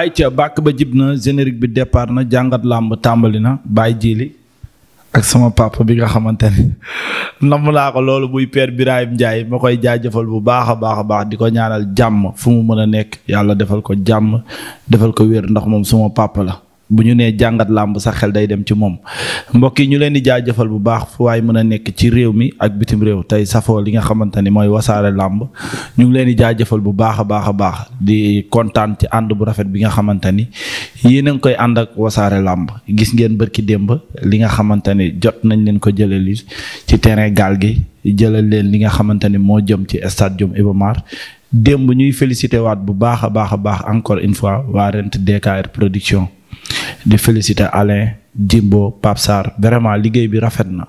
ayca bàkk ba jib na générique bi départ na jàngat làmb tàmbali na bàyyi jiili ak sama papa bi nga xamante ne namm laa ko loolu buy père Birahim Ndiaye ma koy jaajëfal bu baax a baax a baax di ko ñaanal jàmm fu mu mën a nekk yàlla defal ko jàmm defal ko wér ndax moom suma papa la bu ñu nee jàngat làmb sax xel day dem ci moom mbokk yi ñu leen di jaajëfal bu baax fu waaye mën a nekk ci réew mi ak bitim réew tey safoo li nga xamante ni mooy wasaare làmb ñu ngi leen di jaajëfal bu baax a baax a baax di kontaan ci ànd bu rafet bi nga xamante ni yéen a ngi koy ànd ak wasaare làmb gis ngeen bërki démb li nga xamante ni jot nañ leen ko jëlee ci terrain gaal gi jëlal leen li nga xamante ni moo jëm ci stade Jom Iba Mar ñuy félicité waat bu baax a baax a baax encore une fois waa Rent DKR production di féliciter Alain Jimbo Pape Sarr vraiment liggéey bi rafet na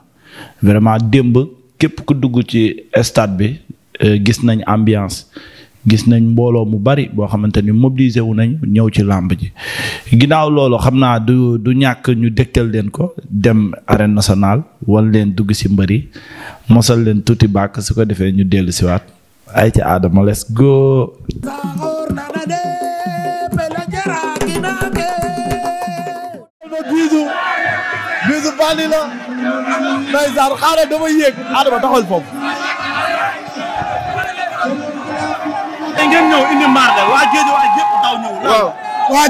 vraiment démb képp ku dugg ci stade bi euh, gis nañ ambiance gis nañ mbooloo mu bari boo xamante ni mobilisé wu nañ ñëw ci làmb ji ginnaaw loolu xam naa du du ñàkk ñu dégtal leen ko dem arène nationale wan leen dugg ci mbëri mosal leen tuuti bàkk su ko defee ñu dellu siwaat ay go biisu biisu bandi la ndeysaan xaaral dama yéeg Adama taxal foofu da ngeen ñëw indi mbaar de waa géej waa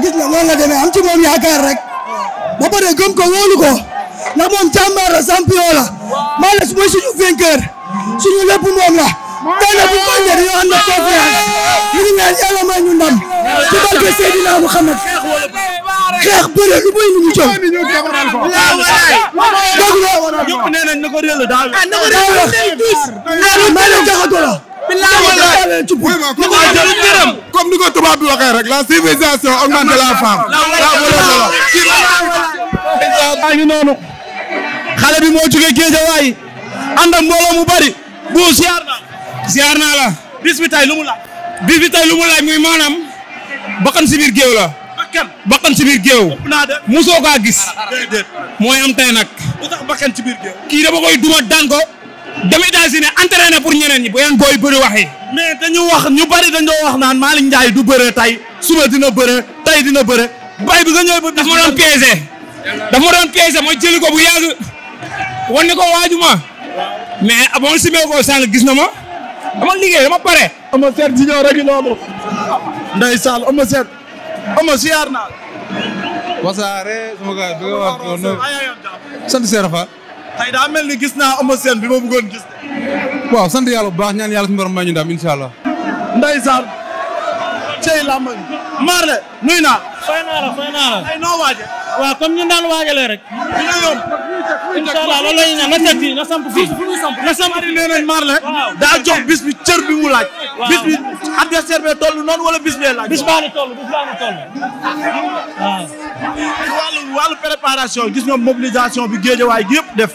géej la loolu am ci moom yaakaar rek ba pare gëm ko wóolu ko ndax moom càmbaar la champion la maa les mooy suñu vainqueur suñu lépp moom la benn bu ko ñëwee dañoo ànd ak conférence ñu ngi ñaan yàlla may ñu ndam ci barke Seydina Muhammad xeex bëre lu bëri ñu jóg dëgg la ñëpp nee nañ ah, maa leen jaxatoo la comme ni ko tubaab bi waxee rek la civilisation augmente la femme bi moo jóge géejawaay ànd ak mbooloo mu bari bu ziar naa la. bis bi tay lu mu laaj. bis bi tay lu mu laaj muy maanaam. bakkan si biir géew la. bakkan bakkan si biir géew. musoo kaa gis. déedéet mooy am tey nag. lu tax bakkan si biir géew. kii dama koy duma daan ko. dem États-Unis entraîné pour ñeneen ñi bu yan booy bëri waxe yi. mais dañu wax ñu bari dañoo wax naan Malick Ndiaye du bëre tay suba dina bëre tay dina bëre. bay bi nga ñëw ba. daf ma doon piégé. daf ma doon piégé ma jëli ko bu yàgg. wane ko waaju ma. mais abon simee ko sànq gis na ma. dama liggéey dama pare. ama seet si ñëw rek loolu. ndeysaan ama seet. ama siyaar naa. wasaare sama gars bi nga wax noonu. sant Seydou Fall. mel ni gis naa ama seen bi ma bëggoon gis. waaw sant yàlla bu baax ñaan yàlla suñu borom may ñu ndam incha allah. ndeysaan. cey làmb maar de nuy naa. fay naa la fay waaje. waaw rek. incha allah loolu la ñuy ñaan na teg fii na samp daa jox bis bi cër bi mu laaj. bis bi adversaire bee toll noonu wala bis bee laaj. bis baa ni toll bis baa ni toll waaw. wàllu wàllu gis nga mobilisation bi géejawaay gi yëpp def.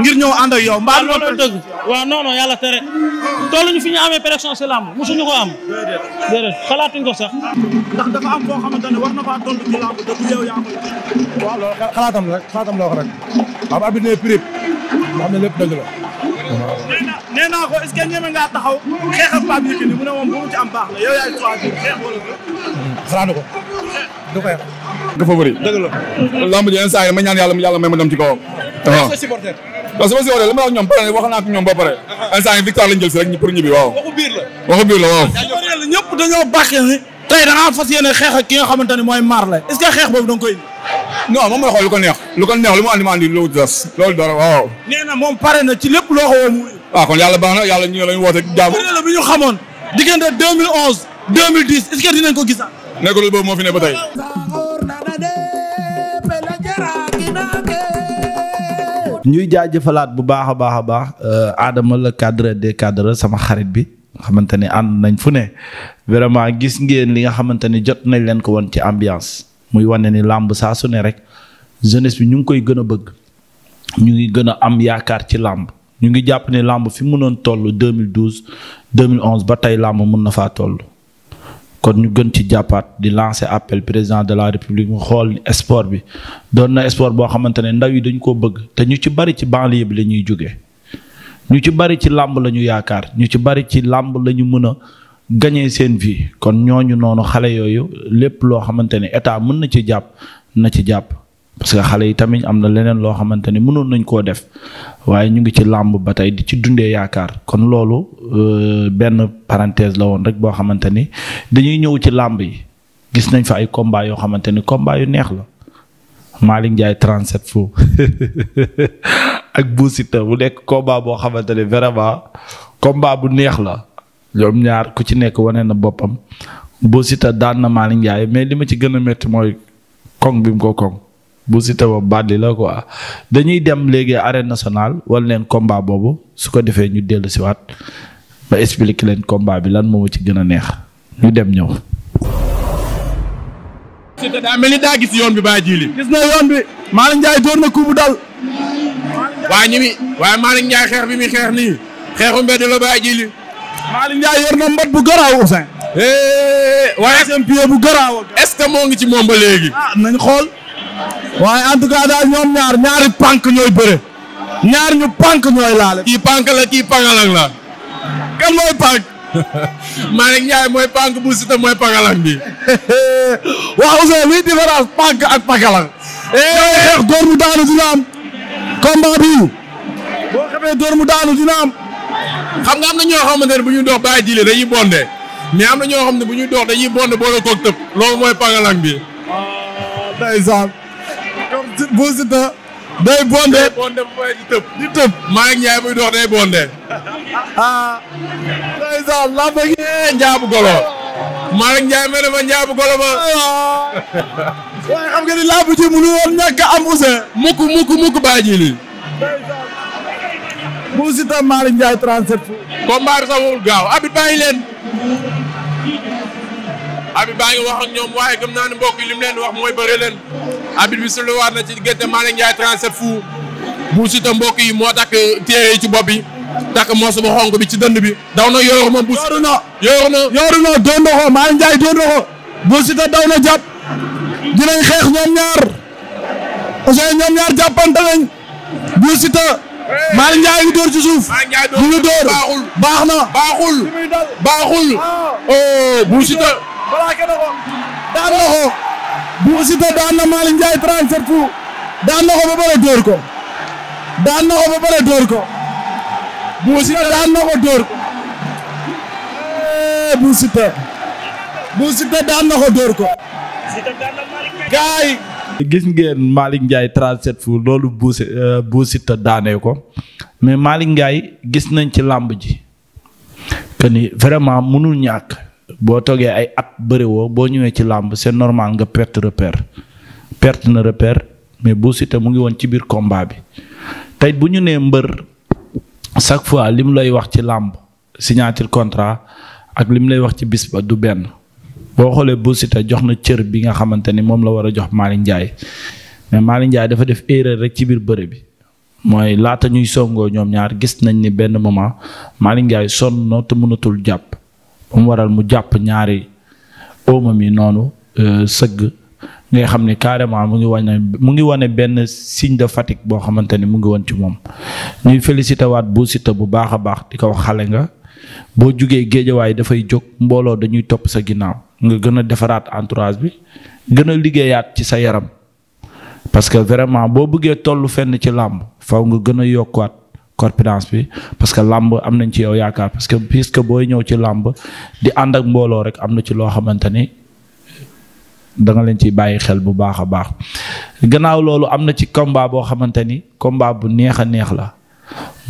ngir ñëw ànd ak yow. mbaa loolu dëgg waaw non non yàlla tere. fi ñu amee pression si làmb mosuñu ko am. déedéet xalaatuñ ko sax. ndax dafa am boo xamante war na faa tontu ci làmb te bu yow yaa koy. rek. xam abit ne prip waaw nee naa ko est que ñeme ngaa taxaw xeex ak Pape Yékini mu ne moom bu mu ci baax la yow yaay choisir xeex wala ko du ko yàq nga favori dëgg la lamb ji yenn saa yi ah. la ma ah. pour ñibbi waaw waxu biir la waxu biir la tey da ngaa fas yéene xeex ak ki nga xamante mooy Marley est ce que xeex boobu da nga non moom mooy xool lu ko neex lu ko neex lu mu andi ma andi loolu des loolu dara waaw. nee na moom pare na ci lépp loo xoo mu. waaw ah, kon yàlla baax na yàlla ñu lañu woote jàmm. xamoon diggante 2011 2010 est-ce ko gisaat. nekkul boobu ne ba tey. jaajëfalaat bu baax a baax a baax aadama euh, la cadre des cadres sama xarit bi nga xamante ne ànd nañ fu ne vraiment gis ngeen li nga xamante ne jot nañ leen ko woon ci ambiance muy wane ni làmb saa su ne rek jeunesse bi ñu ngi koy gën a bëgg ñu ngi gën a am yaakaar ci làmb ñu ngi jàpp ne làmb fi mënoon toll 2012 2011 ba tey làmb mun na faa toll. kon ñu gën ci jàppaat di lancer appel président de la république mu xool sport bi doon na sport boo xamante ne ndaw yi dañ koo bëgg te ñu ci bari ci banlieue bi la ñuy jóge ñu ci bari ci làmb la ñu yaakaar ñu ci bari ci làmb lañu ñu mën a. gagné seen vie kon ñooñu noonu xale yooyu lépp loo xamante ne état mën na ci jàpp na ci jàpp parce que xale yi tamit am na leneen loo xamante ni mënoon nañ koo def waaye ñu ngi ci làmb ba tey di ci dundee yaakaar kon loolu euh, benn parenthèse la woon rek boo xamante ni dañuy ñëw ci làmb yi gis nañ fa ay combat yoo xamante ni combat yu neex la Malick Ndiaye 37 fou ak Bou Siteu bu nekk combat boo xamante ne vraiment combat bu neex la. ñoom ñaar ku ci nekk wane na boppam Bou Siteu daan na Malick Ndiaye mais li ma ci gën a métti mooy koŋ bi mu ko koŋ Bou Siteu ba baddi la quoi dañuy dem léegi arène nationale wala leen combat boobu su ko defee ñu dellu siwaat ma expliquer leen combat bi lan moo ci gën a neex ñu dem ñëw. Siteu daa Malick Ndiaye yor na mbat bu garaaw Ousseyn. Eh, waaye champion bu garaaw. es ce que moo ngi ci moom ba léegi. ah nañ xool. waaye en daal ñoom ñaar ñaari pànk ñooy bëre. ñaar ñu pànk ñooy laale. kii pànk la kii pangalang la. kan mooy pànk. Malick Ndiaye mooy pànk bu Siteu mooy pangalang bi. waaw Ousseyn luy différence pànk ak pangalang. xeex eh, góor mu daanu dina am. combat bi boo xamee góor mu daanu dina xam nga am na ñoo xamante ne bu ñuy dox bàyyi jile dañuy bondé mais am na ñoo xam ne bu ñuy dox dañuy bondé boole koog tëb loolu mooy pangalang bi. Ah, ndeysaan. comme Bou Siteu day bondé bu may tëb. di tëb maa ngi day bondé. ah. ndeysaan laa bëggee eh, njaabu golo. Malick Ndiaye ma ne ma golo ma. Ah, xam nga ni laa bu ji mënu woon ñàkk am use. mukk mukk mukk baa bu Siteu Malick Ndiaye 37. combat bi sax wowul gaaw abi bàyyi leen. abi baa wax ak ñoom waaye gëm naa ne mbokk yi li mu leen wax mooy bëre leen. abi bi su waat na ci diggante Malick Ndiaye 37 fu. bu Siteu mbokk yi moo takk téere yi ci bopp bi. takk moosu bu xonk bi ci dënd bi. daw na yooru ma bu. yooru na yooru na yooru na doon xeex ñoom ñaar. parce que ñoom ñaar jàppante nañ. bu Siteu Malick Ndiaye ngi dóor ci suuf. ñu baax na. baaxul baaxul. Ah. Oh, Bou Siteu. daan na ko. Bou daan na Malick Ndiaye 37 daan na ko ba pare dóor ko. daan na daan na ko dóor ko. Eh, Bou Siteu. Bou Siteu daan na ko dóor ko. gaay gis ngeen Malick Ndiaye 37 fu loolu buusi euh, buusi te daanee ko mais Malick Ndiaye gis nañ ci làmb ji que ni vraiment mënul ñàkk boo toogee ay at bëriwoo boo ñëwee ci làmb c'est normal nga perte repère perte na repère mais buusi mu ngi woon ci biir combat bi tey bu ñu nee mbër chaque fois lim lay wax ci làmb signature contrat ak lim lay wax ci bis ba du benn. boo xoolee Bou jox na cër bi nga xamante ni moom la war a jox Malick Ndiaye mais Malick Ndiaye dafa def erreur rek ci biir bërëbi mooy laata ñuy songoo ñoom ñaar gis nañ ni benn moment Malick Ndiaye sonn na te mënatul jàpp mu waral mu jàpp ñaari oomam yi noonu euh, sëgg ngay xam ni carrément mu ngi wane mu ngi wane benn signe de fatigue boo xamante ni mu ngi woon ci moom ñuy félicité waat Bou bu baax a baax di ko wax xale nga boo jugee géejawaay dafay jóg mbooloo dañuy topp sa ginnaaw nga gën a defaraat entourage bi gën a liggéeyaat ci sa yaram parce que vraiment boo bëggee toll fenn ci làmb faw nga gën a yokkuwaat corpulence bi parce que làmb am nañ ci yow yaakaar parce que puisque booy ñëw ci làmb di ànd ak mbooloo rek am na ci loo xamante ni da nga leen ciy bàyyi xel bu baax a baax gannaaw loolu am na ci combat boo xamante ni combat bu neex a neex la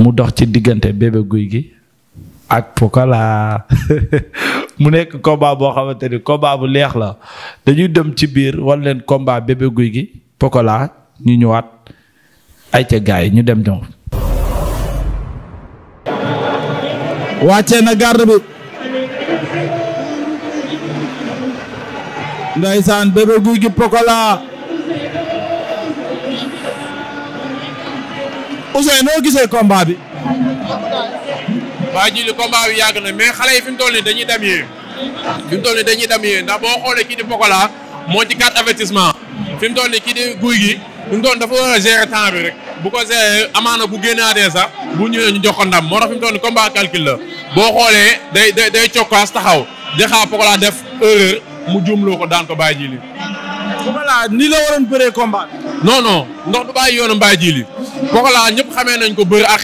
mu dox ci diggante bébé guy gi ak Pokola mu nekk combat boo xamante ni combat bu leex la dañuy dem ci biir wan leen combat Bébé Gouy Gui Pokola ñu ñëwaat ay ca gars ñu dem ñoom. wàccee na garde bi. Ndeysaan Bébé Gouy Gui Pokola. noo gisee combat bi. waa ji li bi yàgg na mais xale yi fi mu toll nii dañuy dem yee fi toll nii dañuy dem yee ndax boo xoolee kii di Pokola moo ci quatre avertissement fi mu toll nii kii di guy gi fi mu toll dafa war a temps rek bu ko gérer amaana bu génnaatee sax bu ñëwee ñu jox ko ndam moo tax fi mu toll nii combat calcul la boo xoolee day day day cokkaas taxaw di xaar Pokola def erreur mu juumloo ko daan ko Baye ni la waroon bëree combat. non non ndox du bàyyi yoonu Baye Djily Pokola ñëpp nañ ko bëri ak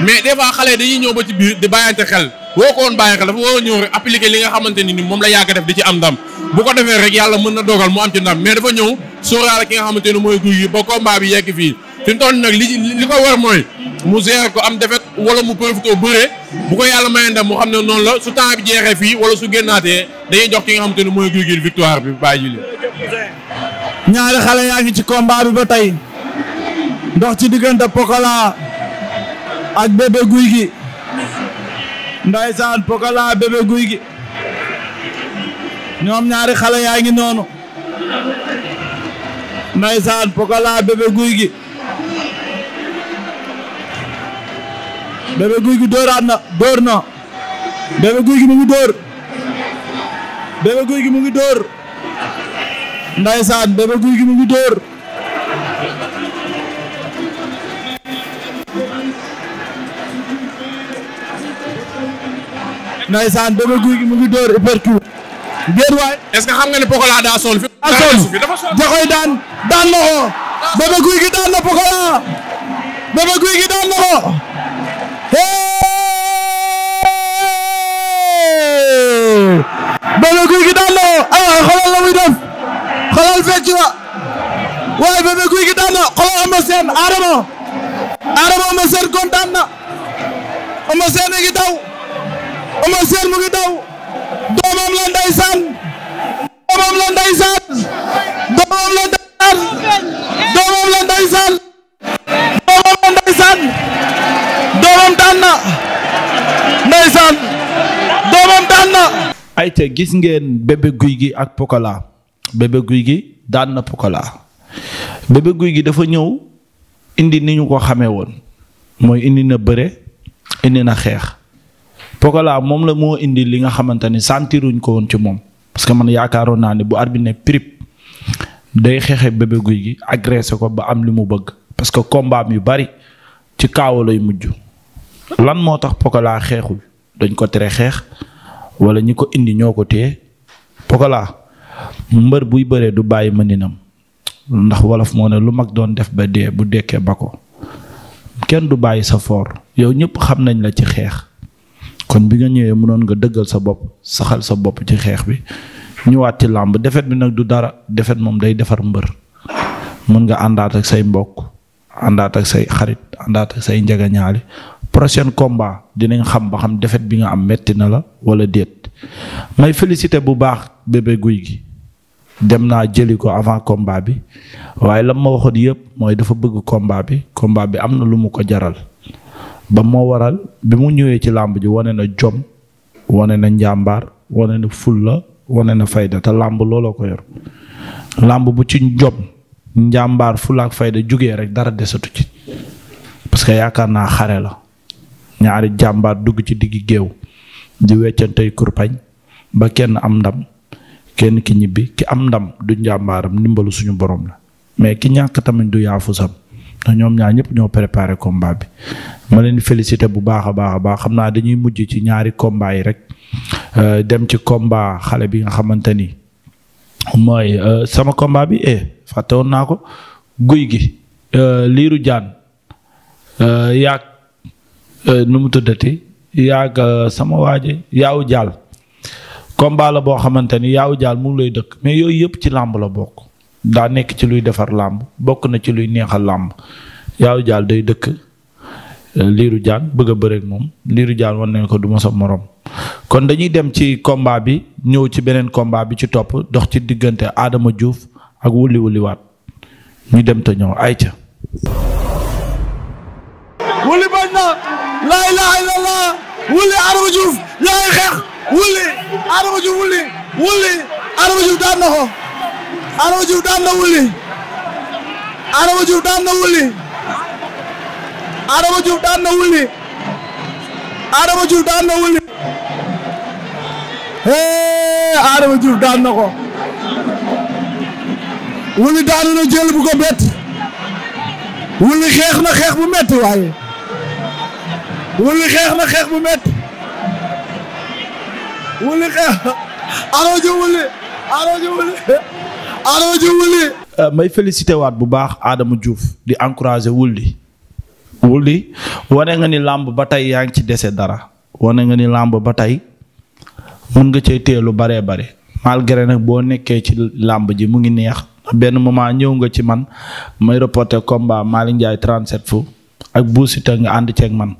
mais des fois xale dañuy ñëw ba ci biir di bàyyante xel woo ko woon xel dafa war a ñëw rek appliquer li nga xamante ni moom la yàgg def di ci am ndam bu ko defee rek yàlla mën na dogal mu am ci ndam mais dafa ñëw sóoraale ki nga xamante ni mooy guy gi ba combat bi yegg fii fi mu toll nag li ko war mooy mu gérer ko am defet wala mu profité bëree bu ko yàlla may ndam mu xam ne noonu la su temps bi jeexee fii wala su génnaatee dañuy jox ba tey ndox ci ak bébé guy gi ndaysaan Pokola bébé guy gi ñoom ñaari xale yaa ngi noonu ndaysaan Pokola bébé guy gi bébé guy gi dóoraat na dóor na bébé guy gi mu ngi dóor bébé guy gi mu ngi dóor ndaysaan bébé guy gi mu ngi dóor ndeysaan bébé guy gi mu ngi dóor uppercut déet waay est-ce que xam nga ne Pokola daa sol fi da koy daan daan na ko bébé guy gi daan na Pokola bébé guy gi daan na ko bébé guy gi daan na ko ah xoolal la muy def xoolal fecc wa waaye bébé guy gi daan na xoolal am na seen Adama Adama am na seen kontaan na am na seen a ngi daw Eumeu Sène mu ngi daw doomam la ndeysaan doomam la ndeysaan doomam la ndeysaan doomam la ndeysaan doomam la ndeysaan doomam gis ngeen bébé guy gi ak pokola bébé guy gi daan na pokola bébé guy gi dafa ñëw indi ni ñu ko xamee woon mooy indi na bëre indi na xeex Pokola moom la moo indi li nga xamante ni sentiruñ ko woon ci moom parce que man yaakaaroon naa ne bu arbitre ne day xeexe Bébé Guy gi agressé ko ba am li mu bëgg parce que combat yu bari ci kaawa lay mujj lan moo tax Pokola xeexul dañ ko tere xeex wala ñi ko indi ñoo ko téye Pokola mbër buy bëree du bàyyi mëninam ndax wolof moo ne lu mag doon def ba dee bu dekkee ba ko kenn du bàyyi sa foor yow ñëpp xam nañ la ci xeex kon bi nga ñëwee mënoon nga dëggal sa bopp saxal sa bopp ci xeex bi ñëwaat ci làmb defet bi nag du dara defet moom day defar mbër mën nga àndaat ak say mbokk àndaat ak say xarit àndaat ak say njagañaali prochain combat dinañ xam ba xam defet bi nga am metti na la wala déet may félicité bu baax bébé guy gi dem naa jëli ko avant combat bi waaye lam ma waxoon yëpp mooy dafa bëgg combat bi combat bi am na lu mu ko jaral ba moo waral bi mu ñëwee ci làmb ji wane na jom wane na njàmbaar wane na ful la wane na fayda te làmb looloo ko yor làmb bu ci jom njàmbaar fulla ak fayda jugee rek dara desatu ci parce que yaakaar naa xare la ñaari jàmbaar dugg ci diggi géew di weccantey kurpañ ba kenn am ndam kenn ki ñibbi ki am ndam du njàmbaaram ndimbalu suñu borom la mais ki ñàkk tamit du yaafusam ndax ñoom ñaar ñëpp ñoo préparé combat bi ma leen félicité bu baax a baax a baax xam naa dañuy mujj ci ñaari combat yi rek euh, dem ci komba xale bi nga xamante ni mooy euh, sama combat bi eh fàtte woon naa ko guy gi euh, liiru jaan yaag nu mu tuddati yaag sama waaj yaaw jaal combat la boo xamante ni yaaw jaal mu lay dëkk mais yooyu yëpp ci làmb la bokk daa nekk ci luy defar làmb bokk na ci luy neexal làmb yaayu jaal day dëkk eh, liiru jaan bëgg a bëreek moom liiru jaan wan nañ ko du ma sa moroom kon dañuy dem ci combat bi ñëw ci beneen combat bi ci topp dox ci diggante Adama juuf ak wuli wuliwaat ñu dem te ñëw ay ca wuli bañ na laa ilaha illallah wuli Adama Diouf yaa ngi xeex wuli Adama Diouf daan na ko Adama Diouf daan na wuli Adama Diouf daan na wuli Adama Diouf daan na wuli hee Adama Diouf daan na ko wuli daanu na jël bu ko bett wuli xeex na xeex bu metti waaye wuli xeex na xeex bu metti wuli xeex Adama Diouf wuli Adama Diouf wuli Adama Diouf Wulli. Euh, may félicité waat bu baax aadama Diouf di encouragé Wulli Wulli wane nga ni làmb ba tey yaa ngi ci dese dara wane nga ni làmb ba tey mun nga cee téye lu baree bare malgré nag boo nekkee ci làmb ji mu ngi neex benn moment ñëw nga ci man may reporté combat Malick Ndiaye 37 fu ak Bou Siteu nga ànd ceeg man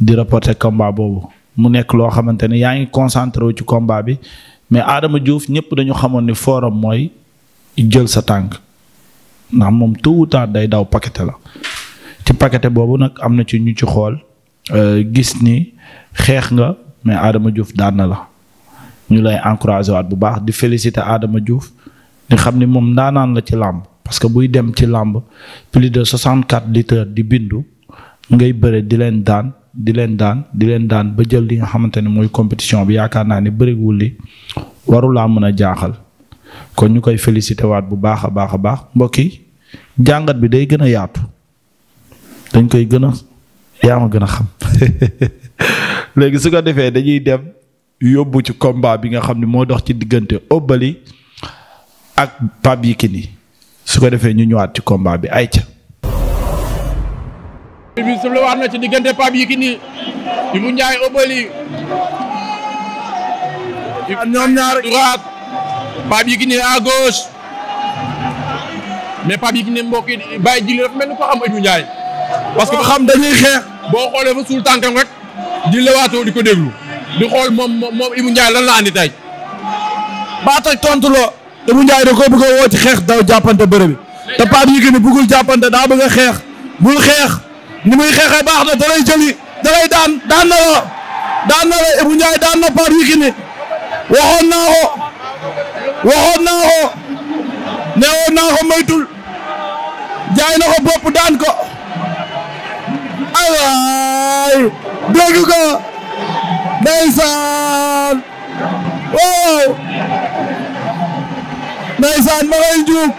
di reporté combat boobu mu nekk loo xamante ne yaa ngi concentré wu ci komba bi. mais Adama juuf ñëpp dañu xamoon ni forum mooy jël sa tànk ndax moom tôt ou tard day daw paquete la ci paquete boobu nag am na ci ñu ci xool euh, gis ni xeex nga mais Adama Diouf daan na la ñu lay encouragé waat bu baax di félicité Adama Diouf di xam ni moom ndaanaan la ci làmb parce que buy dem ci làmb plus de 64 litres di bindu ngay bëre di leen daan. di leen daan di leen daan ba jël li nga xamante ne mooy compétition bi yaakaar naa ne bëriwul li warulaa mën a jaaxal kon ñu koy félicité waat bu baax a baax a baax mbokk yi jàngat bi day gën a yaatu dañ koy gën a yaa ma gën a xam léegi su ko defee dañuy dem yóbbu ci combat bi nga xam ne moo dox ci diggante Obali ak Pape Yékini su ko defee ñu ñëwaat ci combat bi ay ca bi su la waat na ci diggante Pape Obali ñoom ñaar droite Pape Yékini à gauche mais Pape Yékini mbokk yi bàyyi jigéen dafa mel ni ko xam Ibou parce que xam dañuy xeex boo xoolee fa suul tànkam rek di lewaatoo di ko déglu di xool moom moom Ibou la andi tey baat ak tontu la Ibou Ndiaye da ko bëgg a woo xeex daw jàppante bëre bi te Pape Yékini bëggul daa bëgg a xeex bul xeex ni muy xeexee baax na da lay jëli daan daan na la daan na la Ibou Ndiaye daan na Pape Yékini waxoon naa ko waxoon naa ko neewoon naa ko moytul jaay na ko bopp daan ko awaay dégg ko ndeysaan waaw ndeysaan ma ngay juub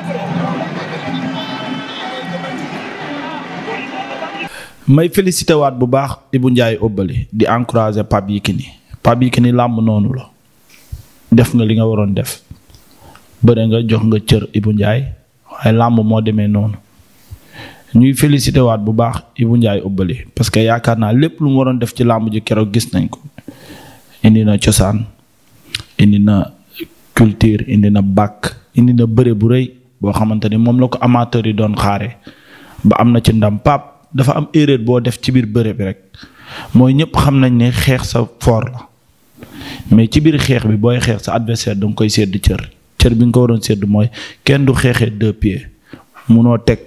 may félicité waat bu baax Ibou njaay Obali di encourager Pape Yékini Pape ni làmb noonu la def nga li nga waroon def bëre nga jox nga cër Ibou njaay waaye làmb moo demee noonu ñuy félicité waat bu baax Ibou njaay Obali parce que yaakaar naa lépp lu mu waroon def ci làmb ji keroog gis nañ ko indi na cosaan indi na culture indi na bàkk indi na bëre bu rëy boo xamante ni moom la ko amateur yi doon xaare ba am na ci ndam Pape dafa am erreur boo def ci biir bëre bi rek mooy ñëpp xam nañ ne xeex sa fort la mais ci biir xeex bi booy xeex sa adversaire da koy sedd cër cër bi nga ko waroon sedd mooy kenn du xeexee deux pieds munoo teg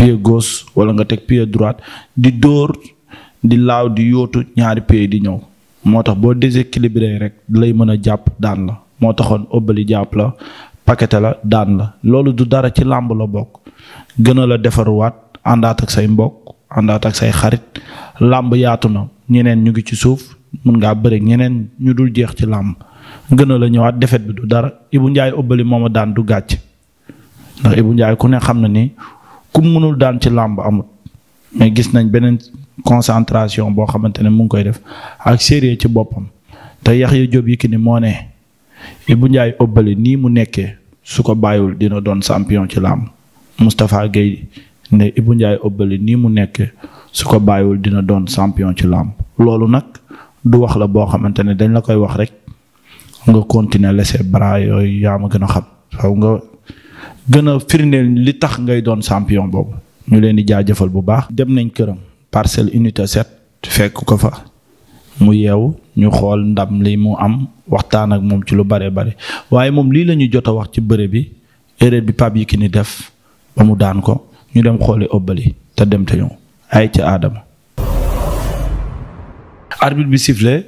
pied gos wala nga teg pied droite di dóor di laaw di yootu ñaari pieds di ñëw moo tax boo déséquilibré rek lay mën a jàpp daan la moo taxoon ëbbali jàpp la paquet la daan la loolu du dara ci làmb la bokk gën defaruwaat àndaat ak say mbokk àndaat ak say xarit làmb yaatu na ñeneen ñu ngi ci suuf mun ngaa bëri ñeneen ñu dul jeex ci làmb gën ñëwaat defet bi du dara Ibou njaay ëbbali moom a daan du gàcc ndax Ibou Ndiaye ku ne xam na ni ku mënul daan ci làmb amut mais gis nañ beneen concentration boo xamante ne mu ngi koy def ak sérieux ci boppam te yax Yaxya Jóob Yékini moo ne Ibou Ndiaye ëbbali nii mu nekkee su ko bàyyiwul dina doon sampion ci làmb Moustapha Guèye ne Ibou Ndiaye Obali nii mu nekk su ko bàyyiwul dina doon sampion ci làmb loolu nag du wax la boo xamante ne dañ la koy wax rek nga continuer laisser bras yooyu yaa ma gën a xam xaw nga gën a firndeel li tax ngay doon sampion boobu ñu leen di jaajëfal bu baax. dem nañ këram parcelle unité set fekk ko fa mu yeewu ñu xool ndam li mu am waxtaan ak moom ci lu bare bare waaye moom lii la ñu jot a wax ci bëre bi erreur bi Pape ni def ba mu daan ko. ñu dem xooli Obaly te dem te ay ca aadama arbitre bi sifflé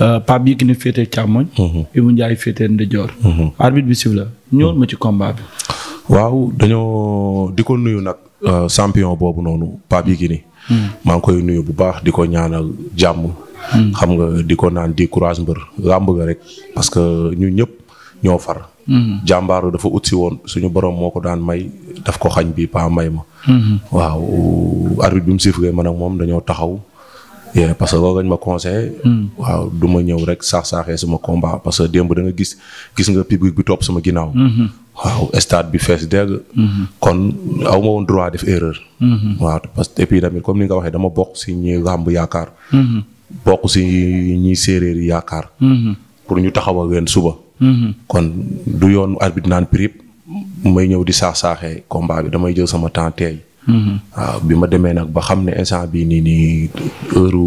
euh, Pape Yékini féete càmmoñ mhm. Ibou Ndiaye féete ndijoor mhm. arbitre bi sifflé ñëwoon ma ci combat bi waaw dañoo di ko nuyu nag euh, champion boobu noonu Pape Yékini hmm. maa ngi koy nuyu bu baax di ko ñaanal jàmm hmm. xam nga di ko naan di courage mbër làmb ga rek parce que ñu ñëpp ñoo far Mm-hmm. jàmbaaru dafa utsi woon suñu borom moo ko daan may daf ko xañ bi pa may ma. waaw arbitre bi mu sifflé man ak moom dañoo taxaw. Yeah, parce que loolu lañ ma conseillé. Mm-hmm. waaw du ma ñëw rek saax saaxee sama combat parce démb da nga gis gis nga public bi topp sama ginnaaw. Mm-hmm. waaw stade bi fees dégg. kon aw ma woon droit def erreur. waaw parce que et puis tamit comme ni nga waxee dama bokk si ñi làmb yaakaar. bokk si ñi séeréer yaakaar. pour ñu taxawal leen suba. Mm-hmm. kon du yoon arbitre naan prip may ñëw di saax-saaxee combat bi damay jël sama temps teey mm-hmm. bi ma demee nag ba xam ne instant bii nii nii heure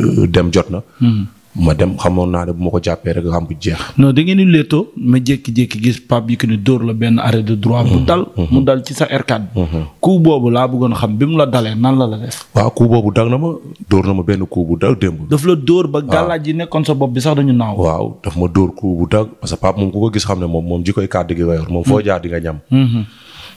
euh, dem jot na mm-hmm. ma dem xamoon naa ne bu ma ko jàppee rek xam bu jeex. non da ngeen di leetoo ma jékki-jékki gis Pape Yékini dóor la benn arrêt de droit. Mm-hmm. Mm-hmm. mu dal mm-hmm. mu dal la dalee nan la la def. waaw coup boobu dal na ma dóor na ma benn coup bu dal démb. la dóor ba gàllaaj yi nekkoon sa bopp bi sax dañu naaw. waaw daf ma dóor coup bu dal parce que Pape moom ku ko gis xam ne moom moom ji koy kàddu gi wayor moom foo mm. jaar di nga ñam.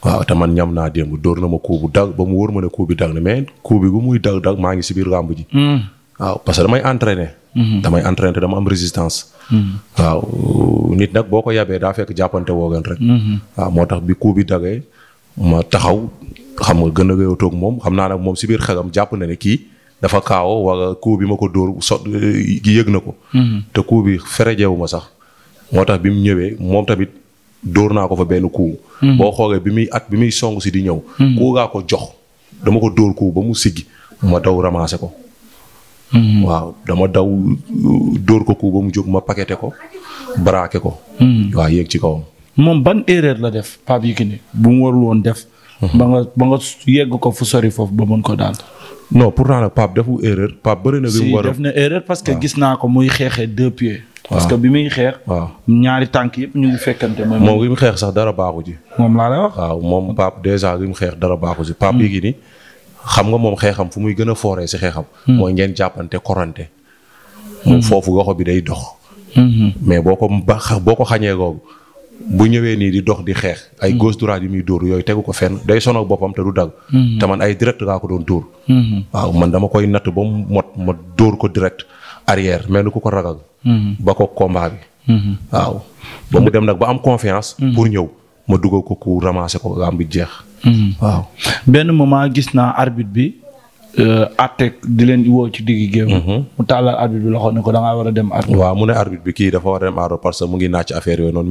waaw te man ñam naa démb dóor na ma coup bu ba mu wóor ma ne coup bi dal na mais bu muy dal dal maa ngi si biir làmb ji. Mm. waaw parce damay entraîner Mm-hmm. damay entraîné te dama am résistance. Mm-hmm. waaw nit nag boo ko yabee daa fekk jàppante woogan rek. Mm-hmm. waaw moo tax bi coup bi dagee ma taxaw xam nga gën a gëyoo toog moom xam naa nag moom si biir xelam jàpp na ne kii dafa kaawoo wala coup bi ma ko dóor so yëg na ko. te coup bi ferejewu ma sax moo tax bi mu ñëwee moom tamit dóor naa ko fa benn coup. boo xoolee bi muy at bi muy song si di ñëw. coup gaa ko jox dama ko dóor coup ba mu siggi ma daw ramassé ko. Mm-hmm. waaw dama daw uh, dóor ko ku ba mu jóg ma paqueté ko braqué ko. Mm-hmm. waaw yéeg ci kawam. moom ban erreur la def yi Pape Yékini bu mu warul woon def. Mm-hmm. ba nga ba nga yegg ko fu sori foofu ba mën ko daan. non pourtant nag Pape defu erreur Pape bëri na. bi mu war def na erreur parce que gis naa ko muy xeexee deux pieds. parce que bi muy xeex. waaw ñaari tànk yëpp ñu ngi fekkante. moom bi mu xeex sax dara baaxu ji. moom laa lay wax. waaw moom Pape dèjà bi mu xeex dara baaxu ji Pape mm. Yékini. xam nga moom xeexam fu muy gën a fooree si xeexam. Hmm. mooy ngeen jàppante korante. moom hmm. foofu goxo bi day dox. Hmm. mais boo ko ba boo ko xañee googu bu ñëwee nii di dox di xeex. ay gauche droite yu muy dóor yooyu tegu ko fenn day sono boppam te du dagg. te man ay direct laa ko doon dóor. waaw man dama koy natt ba mu mot ma dóor ko direct arrière mel ni ku ko ragal. ba ko combat bi. waaw ba mu dem nag ba am confiance. pour ñëw ma dugal ko ku ramasser ko gaam bi jeex. Mhm. waaw benn moment gis naa arbitre bi euh, àtte di leen woo ci digg géew mhm. mu tàllal arbitre bi loxo ne ko da war a dem arbitre waaw kii dafa war a dem arbitre que mu ngi naaj ci affaire yooyu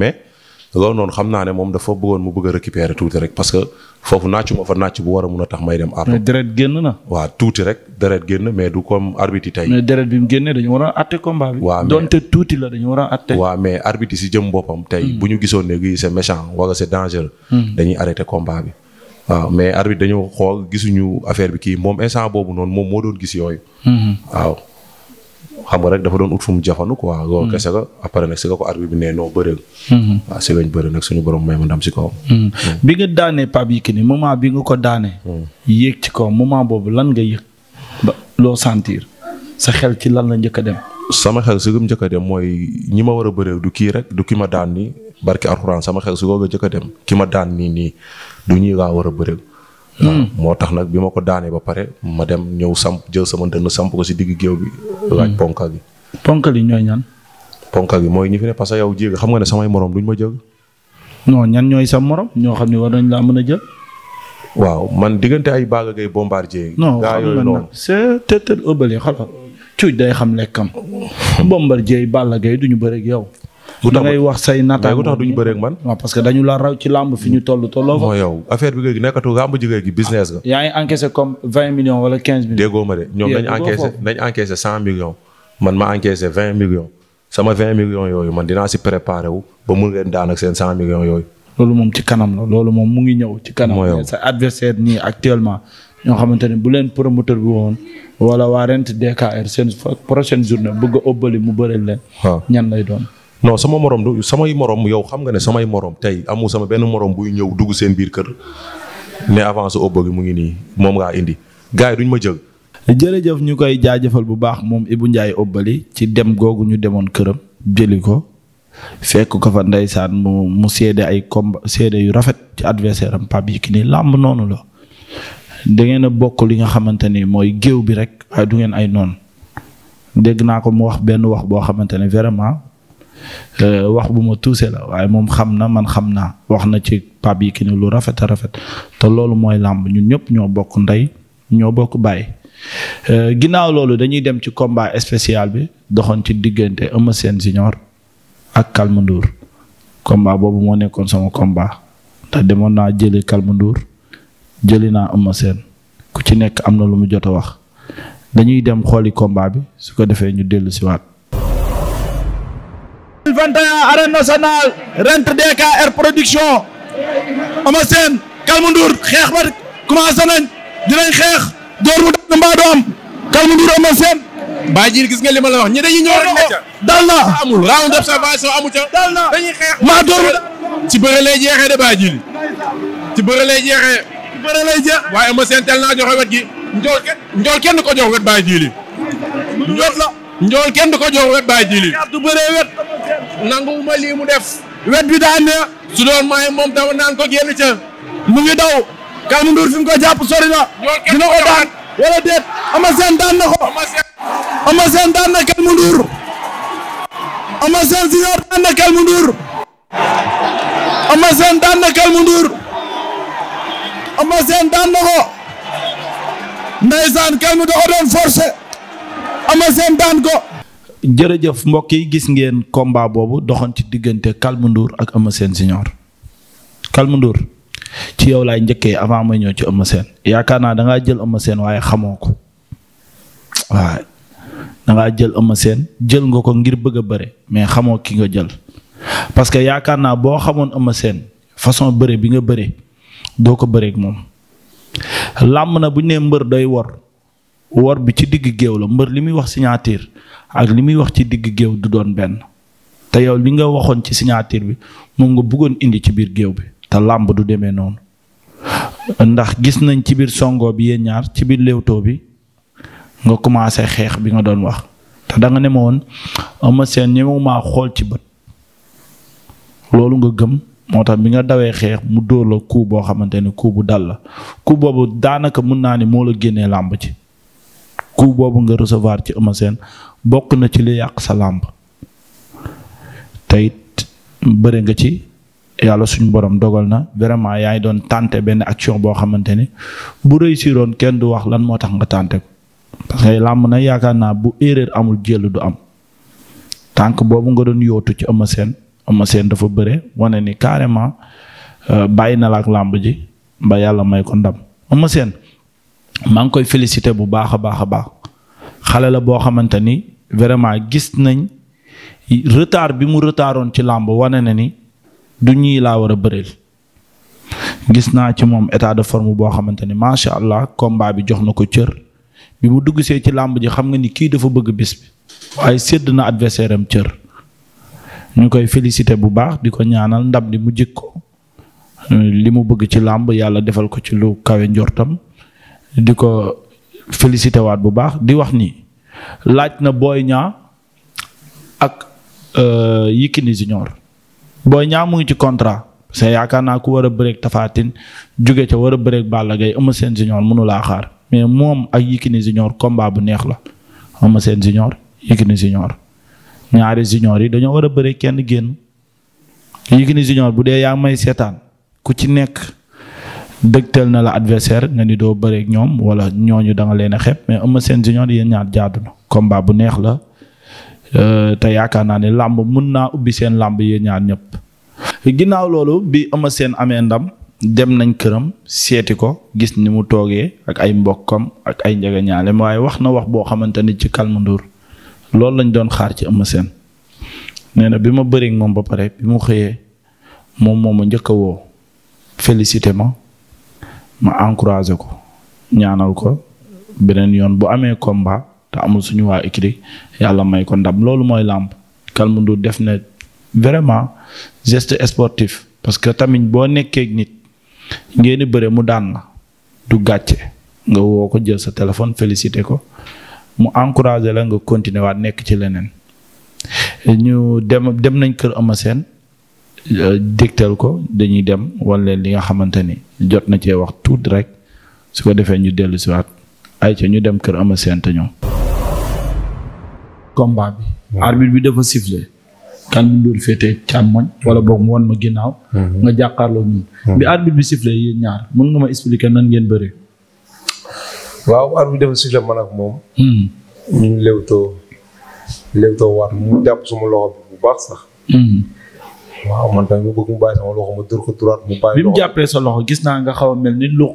noonu naa ne moom dafa bëggoon mu bëgg a récupérer tuuti rek parce que foofu a a tax may dem arbitre mais deret génn na waaw tuuti rek deret génn mais du comme arbitre yi tey mais deret bi mu génnee dañu war a atte combat bi waaw donte tuuti la dañu war a atte waaw mais arbitre si jëm boppam tey mhm. bu ñu gisoon ne gi c'est méchant wala c'est dangereux dañuy arrêté combat bi waaw mais arbitre dañoo xool gisuñu affaire bi kii moom instant boobu noonu moom moo doon gis yooyu. Mhm. waaw xam nga rek dafa doon ut fu mu jafanu ko loolu mhm. kese la après nag si la ko arbitre bi nee noo bëreel. Mhm. si lañ bëri nag suñu borom may ma si kawam. bi nga daanee Pape Yékini moment bi nga ko daanee. yéeg ci kaw moment boobu lan nga yëg loo sentir sa xel ci lan la njëkk dem. sama xel si gëm njëkk a dem mooy ñi ma war a bëreel du kii rek du ki ma daan nii barki alxuraan sama xel si googu njëkk a dem ki ma daan nii nii. du ñuy laa war a bëreel. Hmm. moo tax nag bi ma ko daanee ba pare ma dem ñëw samp jël sama dënn samp ko si digg géew bi. Hmm. laaj ponkal gi. ponkal yi ñooy ñan. ponkal gi mooy ñu fi ne parce que yow jéeg xam nga ne samay morom duñ ma jël. non ñan ñooy sa moroom ñoo xam ne war nañ laa mën a jël. waaw man diggante ay Balla Gaye Bombardier. non gaa yooyu noonu c'est tëtël ëbbale xalaat. cuuj day xam lekkam. Bombardier Balla Gaye duñu bëri ak da ngay wax say nattaangoo mais bu tax duñu bëreeg man. waaw parce que dañu la raw ci làmb fi ñu toll tolloo fa. moo yow affaire bi léegi nekkatu làmb ji léegi business yaa ngi encaissé comme vingt millions wala quinze millions. déggoo ma de ñoom dañu encaissé dañu encaissé cent millions. man ma encaissé vingt millions sama vingt millions yooyu man dinaa si préparé wu ba mun ngeen daan ak seen cent millions yooyu. loolu moom ci kanam la loolu moom mu ngi ñëw ci kanam. moo sa adversaire nii actuellement. ñoo xamante ne bu leen promoteur bi woon wala waa rent DKR seen prochaine journée bëgg a ëbbali mu bëreel leen. ñan lay doon. non sama morom du samay morom yow xam nga ne samay morom tey amul sama benn morom buy ñëw dugg seen biir kër ne avance gi mu ngi nii moom ngaa indi gars yi duñ ma jël. jërëjëf ñu koy jaajëfal bu baax moom Ibou Ndiaye Obeugy ci dem googu ñu demoon këram jëli ko fekk ko fa ndeysaan mu mu seede ay combat seede yu rafet ci adversaire am Pape Yékini làmb noonu la da ngeen a bokk li nga xamante ni mooy géew bi rek waaye du ngeen ay noonu dégg naa ko mu wax benn wax boo xamante ne vraiment Euh, wax bu ma tuuse la waaye moom xam na man xam naa wax na ci Pape Yékini lu rafet a rafet te loolu mooy làmb ñun ñëpp ñoo bokk ndey ñoo bokk bàyyi. Euh, ginnaaw loolu dañuy dem ci combat spécial bi doxoon ci diggante Eumeu Sène Junior ak kalmanduur Ndour boobu moo nekkoon sama combat ndax demoon naa jële Kalma Ndour jëli naa Eumeu seen ku ci nekk am na lu mu jot a wax dañuy dem xooli combat bi su ko defee ñu dellu siwaat 2021 arène nationale rent DKR production Eumeu Sène Kalmu Ndour xeex ba commencé nañ dinañ xeex door mu daan mbaa doom Kalmu Ndour Eumeu Sène baa jil gis nga li ma la wax ñi dañuy ñëw rek dal na amul round d'observation amu ca dal na dañuy xeex maa door ci bëre lay jeexee de baa jil ci bëre lay jeexee ci bëre lay jeex joxe wet gi njool kenn njool kenn ko jox wet baa njool kenn du ko jox wet bàyyi jili du lii mu def wet bi daan na maay moom dama naan ko génn ca ngi daw Kalmu Ndour ko jàpp sori na dina daan wala déet Ama daan na ko Ama Sène daan na Kalmu Ndour Ama Sène Junior daan na Kalmu Ndour Ama Sène daan na Kalmu Ndour daan na ko ndeysaan Kalmu ko doon forcé Eumeu Sène daan ko. jërëjëf mbokk yi gis ngeen combat boobu doxoon ci diggante Calme ak Eumeu Sène Junior Calme ci yow laay njëkkee amaa ma ñëw ci Eumeu Sène yaakaar naa da jël Eumeu Sène waaye xamoo ko waaye da jël Eumeu Sène jël nga ko ngir bëgg a bëre mais xamoo ki nga jël parce que yaakaar naa boo xamoon Eumeu Sène façon bëre bi nga bëre doo ko bëreek moom làmb na bu ñu nee mbër day wor. wor bi ci digg géew la mbër li muy wax signature ak li muy wax ci diggu géew du doon benn te yow li nga waxoon ci signature bi moom nga bëggoon indi ci biir géew bi te làmb du demee noonu ndax gis nañ ci biir songo bi yéen ñaar ci biir léewtoo bi nga commencé xeex bi nga doon wax te da nga ne ma woon ama seen ñemewumaa xool ci bët loolu nga gëm moo tax bi nga dawee xeex mu dóor la coup boo xamante ne coup dal la coup boobu daanaka mun naa ne moo la génnee làmb ci coup boobu nga recevoir ci Eumeu Sène bokk na ci li yàq sa làmb tey bëre nga ci yàlla suñu borom dogal na vraiment yaa ngi doon tànte benn action boo xamante ni bu roon kenn du wax lan moo tax nga tenter ko parce làmb na yaakaar naa bu erreur amul jël du am tànk boobu nga doon yootu ci Eumeu Sène Eumeu Sène dafa bëre wane ni carrément euh, bàyyi na la ak làmb ji ba yàlla may ko ndam Eumeu Sène maa ngi koy félicité bu baax a baax a baax xale la boo xamante ni vraiment gis nañ retard bi mu retardoon ci làmb wane na ni du ñii laa war a bëreel. gis naa ci moom état de forme boo xamante ni macha allah combat bi jox na ko cër bi mu dugg see ci làmb ji xam nga ni kii dafa bëgg bis bi waaye sédd na adversaire am cër ñu koy félicité bu baax di ko ñaanal ndam li mu jikko li mu bëgg ci làmb yàlla defal ko ci lu kawe njortam. di ko félicité waat bu baax di wax ni laaj na booy Niang ak euh, Yékini Junior Boy Niang mu ngi ci contrat parce que yaakaar naa ku war a bëreeg Tapha jóge ca war a bëreeg Balla Gaye Eumeu Sène Junior mënu xaar mais moom ak Yékini Junior combat bu neex la Eumeu Sène Junior Yékini Junior ñaari junior yi dañoo war a bëre kenn génn Yékini Junior bu dee yaa may seetaan ku ci nekk dëgtal na la adversaire nga ni doo bëreek ñoom wala ñooñu da nga leen a xeeb mais Eumeu Sène junior yéen ñaar jaadu na combat bu neex la euh, te yaakaar naa ne làmb mun naa ubbi seen làmb yéen ñaar ñëpp. ginnaaw loolu bi Eumeu Sène amee ndam dem nañ këram seeti ko gis ni mu toogee ak ay mbokkam ak ay njëgëñaaleem waaye wax na wax boo xamante ni ci Calme Ndour loolu lañ doon xaar ci Eumeu Sène nee na bi ma bëreek moom ba pare bi mu xëyee moom moom ma njëkk a woo félicité ma ma encouragé ko ñaanal ko beneen yoon bu amee combat te amul suñu waa écrit yàlla may ko ndam loolu mooy làmp Calme Ndour def na vraiment geste sportif parce que tamit boo nekkee nit ngeen bëre mu daan la du gàcce nga woo ko jël sa téléphone félicité ko mu encouragé la nga continuer waat nekk ci leneen ñu dem dem nañ kër Ama Sène Euh, dégtal ko dañuy dem wan leen li nga xamante ni jot na cee wax tuuti rek su ko defee ñu dellu siwaat ay ca ñu dem kër ama seen te ñëw combat bi arbitre bi dafa sifflé kan mu dóor féete càmmoñ wala boog mu wan ma ginnaaw mhm. nga jàkkaarloo ñun mhm. bi arbitre bi sifflé yéen ñaar mën nga ma expliquer nan ngeen bëri waaw arbitre bi dafa sifflé man ak moom hmm. ñu lewtoo lewtoo waat mu jàpp suma loxo bi bu baax sax hmm. waaw man tamit mu bëgg mu bàyyi sama loxo ma dóor ko turaat mu bàyyi. a mel ni lu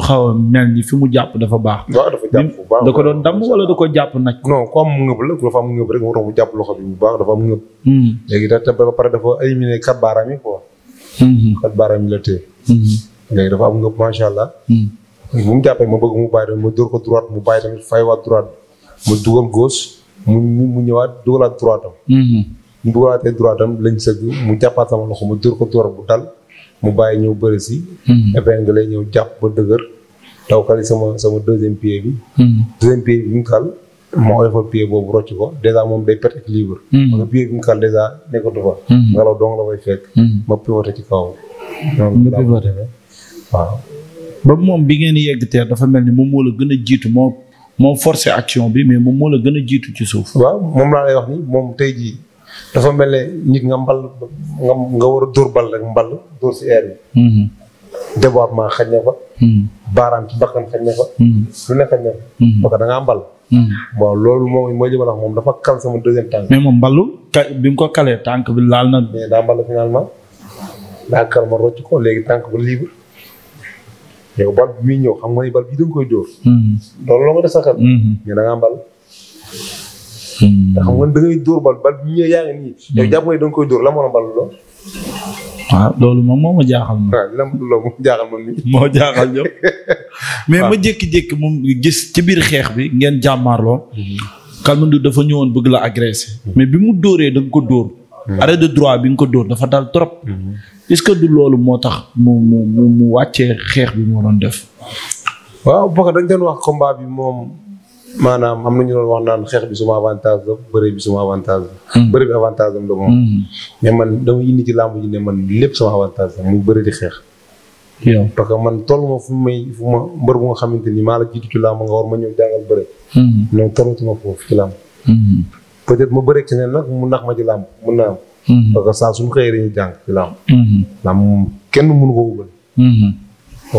a mel fi mu jàpp dafa baax. waaw dafa jàpp bu da ko doon damm da ko jàpp nag. non ku am ngëb la dafa am ngëb rek moo tax mu jàpp loxo bi bu baax dafa am ngëb. Hmm. léegi dafa ba pare dafa hmm. hmm. am ngëb macha allah. mu jàppee ma bëgg mu bàyyi tamit ma dóor ko mu bàyyi tamit faywaat turaat ma dugal gauche mu mu ñëwaat dugalaat turaatam mu dugalaatee droit tam lañ mu jàppaat sama loxo ma dóor ko door bu dal mu bàyyi ñëw bëri si. Hmm. épingle ñëw jàpp ba dëgër. daw kali sama sama deuxième pied bi. Hmm. deuxième pied bi mu kal ma ko dèjà moom day perte équilibre. Hmm. parce que pied bi mu kal dèjà nekkatu fa. ngelaw dong la fay fekk. ma pivoté ci kaw noonu la pivoté waaw. ba moom bi ngeen yegg teer dafa mel ni moom moo la gën a jiitu moo moo forcé action bi mais moom moo la gën a jiitu ci suuf. waaw moom laa lay wax ni moom tey jii dafa mel ne nit nga mbal nga war a dóor bal rek mbal dóor si air bi. Mhm. déboîtement xaj na fa. Mhm. baaraam ci bakkan xaj na fa. Mhm. lu ne xaj na fa. parce que mbal. loolu moom mooy li ma la moom dafa kal sama deuxième tànk. mais moom mbalu ka bi mu ko kalee tànk bi laal na. mais daa mbal finalement daa kal ma rocc ko léegi tànk ba libre. yow bal bi muy ñëw xam nga ni bal bi nga koy dóor. loolu la nga def sa xel. mais da mbal. te xam nga da ngay dóor bal bal bi ñëwee yaa ngi nii. Hmm. yow jàpp koy dóor la ma bal ah, loolu moom moo ma jaaxal. waaw ah, lan loolu moo jaaxal man mais ah. ma jékki-jékki moom gis ci biir xeex bi ngeen jàmmaarloo. Kalmandu hmm. dafa ñëwoon bëgg la agressé. Hmm. mais bi mu dóoree da ko dóor. arrêt de droit bi nga ko dóor dafa dal trop. est-ce que du loolu moo tax mu mu mu wàccee xeex bi moo doon def. waaw bokk dañ doon wax combat bi moom. maanaam am na ñu doon wax naan xeex bi suma avantage la bëre bi suma avantage la. Hmm. bëre bi avantage am la moom. Hmm. man dama indi ci làmb ji ne man lépp sama avantage la muy bëre di xeex. yow que man toll ma fu may fu ma mbër bu nga xamante ni maa la jiitu ci làmb nga war ma ñëw jàngal bëre. non hmm. tollatuma foofu ci làmb. peut-être ma bëreeg ci ne nag mu nax ma ci làmb mun naa am. parce que saa suñu xëyee dañuy jàng ci làmb. làmb kenn mënu koo wóobal.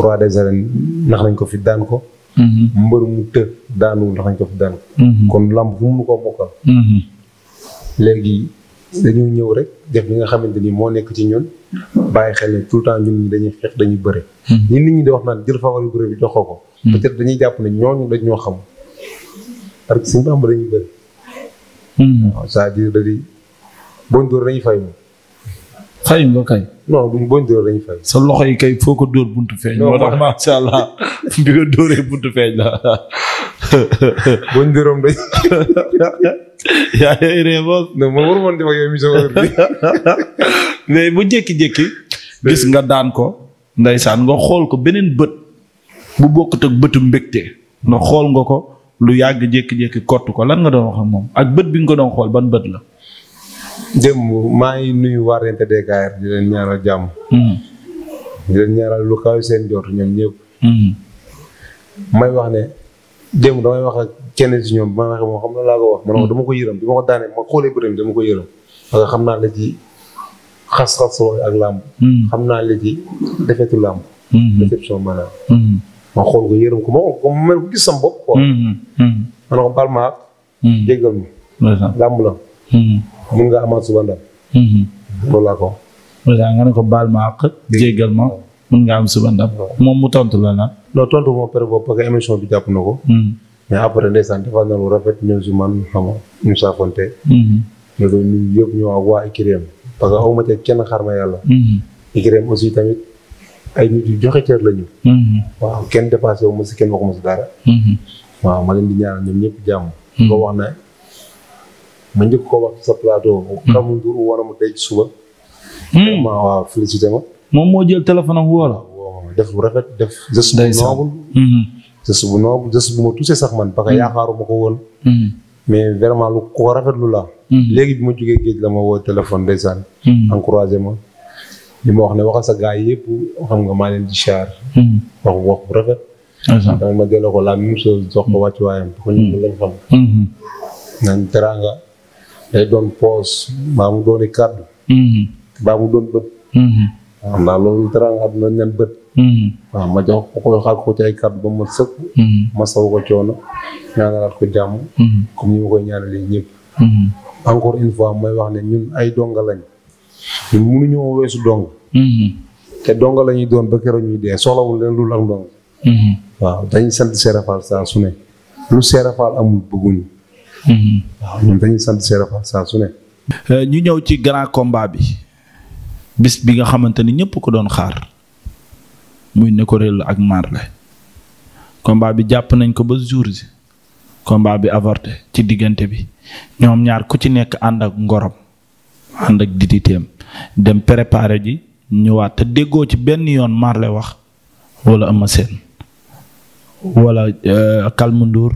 roi des arènes nax nañ ko fi daan ko. Mm-hmm. mbër mu të daanu ndox ñu ko fi daan mm-hmm. kon làmb fu mu ko bokkal mm-hmm. léegi dañoo ñëw rek def li nga xamante ni moo nekk ci ñun bàyyi xel ne tout le temps ñun ñi dañuy xeex dañuy bëre ñi nit ñi di wax naan jël favori bëre bi jox ko peut-être dañuy jàpp ne ñooñu dañ ñoo xam parce que suñu bàmb dañuy bëri waaw c'est-à-dire da di dañuy fay moom xayuñ ko kay. non buñ dóor sa loxo yi kay foo ko dóor buntu feeñ. moo allah bi buntu feeñ la. buñ dóorom dañ. yaa ngi ree boos. non mais bu jékki-jékki. gis nga daan ko. ndaysaan nga xool ko beneen bët. bu bokkut ak bëtu mbégte. na xool nga ko lu yàgg jékki-jékki kott ko lan nga doon wax moom ak bët bi nga ko doon xool ban bët la. démb maa ngi nuyu waa Rente DKR di leen ñaanal jàmm. Hmm. di leen lu kaw seen jot ñoom ñëpp. Hmm. may wax ne démb damay wax ak kenn si ñoom ma waxee ko wax. ma ne ko dama ko yërëm ko daanee ma xoolee bëri dama ko yërëm. naa hmm. la ci xas ma xool ko yërëm ko ma ko ma mel gis sama ma ne ko baal ma ak. jéggal la. mun nga amaat suba ndam. Mhm. loolu laa ko. nga ne ko baal ma àq jéggal ma mun nga am suba ndam. moom mu tontu la na non tontu moom pare boobu parce que émission bi jàpp na ko. Mhm. mais après ndeysaan defal na lu rafet ñëw si man xam ñu saafonte. Mhm. ñu doon ñu yëpp ñëw ak waa Ikirem. parce que aw ma teg kenn xar waaw ma leen di ñaanal ñoom ñëpp jàmm. nga wax na ma njëkk ko wax sa plateau. Hmm. ndax mu ndur war a mu denc suba. Hmm. vraiment waaw félicité moom moo jël téléphone am woo def bu rafet def. Hmm. geste bu noble. geste bu noble ma touché sax man. parce que yaakaaruma ko woon. mais vraiment lu ko rafetlu la. léegi bi ma jógee géej la ma woo téléphone ndeysaan. encouragé ma. li ma wax ne waxal sa gars yi yëpp xam nga maa leen di siyaar. wax wax bu rafet. dama ma delloo ko la même chose jox ko wàccuwaayam. ko ñu lañ day doon poos mbaa mu dooni kàddu mm-hmm. mbaa mu doon bët mm-hmm. xam naa loolu teranga àdduna nen bët mm-hmm. waaw ma jox ko xaar ko ci ay kàddu ba ma sëkk ma saw ko coono ñaanalaat ko jàmm comme ni ma koy ñaanalee ñëpp encore une fois mooy wax ne ñun ay donga lañ ñun mënuñoo weesu dong te donga la ñuy doon ba keroog ñuy dee soxlawul leen lu ak dong waaw dañuy sant Serapal saa su ne lu Serapal amul bëgguñu waaw ñun dañuy euh, ñu ñëw ci grand combat bi bis bi nga xamante ni ñëpp ko doon xaar muy ko Rell ak Marley combat bi jàpp nañ ko ba jours ji combat bi avorté ci diggante bi ñoom ñaar ku ci nekk ànd ak ngorom ànd ak diditeem dem préparer ji ñëwaat te déggoo ci benn yoon Marley wax wala Eumeu Sène wala euh, Kalmundur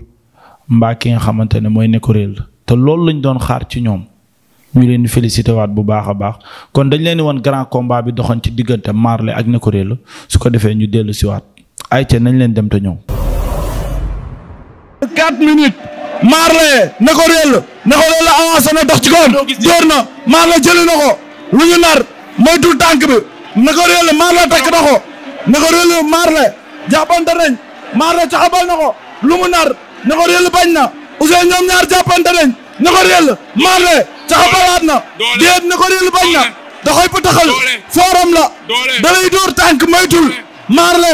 mbaa ki nga ne mooy nekk réel te loolu lañ doon xaar ci ñoom ñu leen di félicité bu baax a baax kon dañ leen di wan grand combat bi doxoon ci diggante Marley ak nekk réel su ko defee ñu dellu si waat ay ca nañ leen dem te ñëw. 4 minutes Marley nekk réel nekk réel la avancé na dox ci kawam door na Marley jëlee na ko lu ñu nar moytul tànk bi nekk réel Marley takk na ko nekk réel Marley jàppante nañ Marley caxabal na ko lu mu nar. ñoxor yëll bañ na Ousseyn ñoom ñaar jàppante nañ ñoxor yëll maarle caxabalaat na déet ñoxor yëll bañ na da koy pataxal fooram la da lay dóor tànk maytul maarle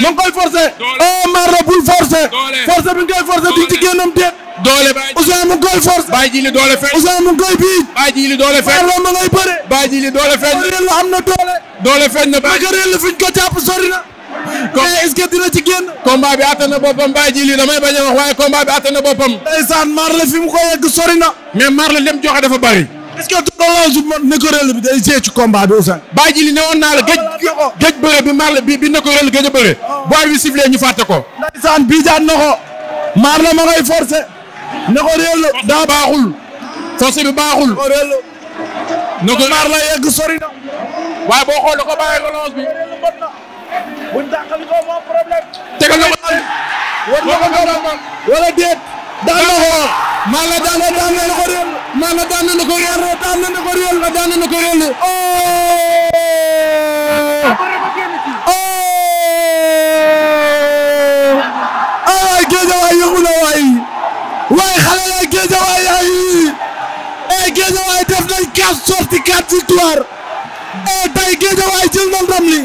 ma ngi koy forcé oh eh, maarle bul forcé forcé bi nga koy forcé di ci génnam déet doole Ousseyn mu ngi koy forcé bàyyi ji li doole feeñ Ousseyn mu ngi koy biij bàyyi ji li doole feeñ maarle ma ngay bëre bàyyi ji li doole feeñ ñoxor yëll am na doole doole feeñ na ñoxor yëll fiñ ko jàpp na mais est-ce que dina ci génn. combat bi attan na boppam bàyyi ji damay bañ a wax waaye combat bi attan na boppam. ndeysaan Marley fi mu ko yegg sori na. mais Marley dem joxe dafa bari. est-ce que tolluwaay su ma nekkoréel bi day la bi Marley bi bi nekkoréel gëj a bëre. Ah. booy bi ñu fàtte ko. ndeysaan bii daan na ko. Marley ma ngay forcer. nekkoréel daa baaxul. force bi baaxul. nekkoréel la. yegg sori buñ dàqali ko moo problème. tegal na ko daan wala déet. daan na ko maa la daan na daan na ko réel. maa la daan na ko réel daan na ko réel daan na ko réel. Oh! Oh! ay géejawaay yëngu na waay waay xale la géejawaay ay ay eh, géejawaay def nañ quatre sorties quatre victoires ay eh, tey géejawaay jël na ndam li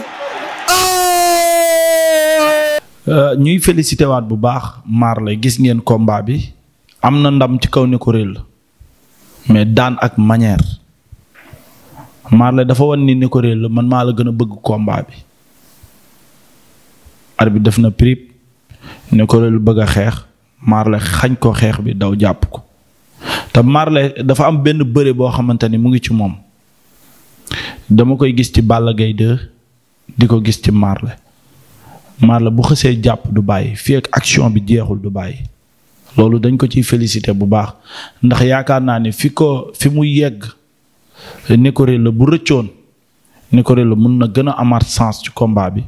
Euh, ñuy félicité waat bu baax Marley gis ngeen combat bi am na ndam ci kaw ne ko réel mais daan ak manière Marley dafa wan ni ne ko réel man maa la gën a bëgg combat bi. arbitre bi def na prip ne ko réel bëgg a xeex Marley xañ ko xeex bi daw jàpp ko te Marley dafa am benn bëre boo xamante ni mu ngi ci moom dama koy gis ci Balla Gaye 2 di ko gis ci Marley Marley bu xësee jàpp du bàyyi fi ak action bi jeexul du bàyyi loolu dañ ko ciy félicité bu baax ndax yaakaar naa ne fi ko fi mu yegg Néckoré la bu rëccoon Néckoré la mun na gën a amaat sens ci bi